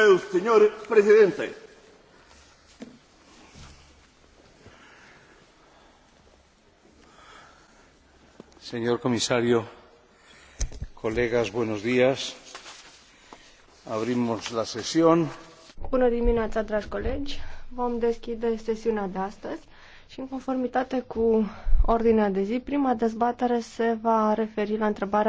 el señor presidente. Señor comisario, colegas, buenos días. Abrimos la sesión. Bună dimineața, dragi colegi. Vom deschide sesiunea de astăzi și în conformitate cu ordinea de zi, prima dezbatere se va referi la întrebarea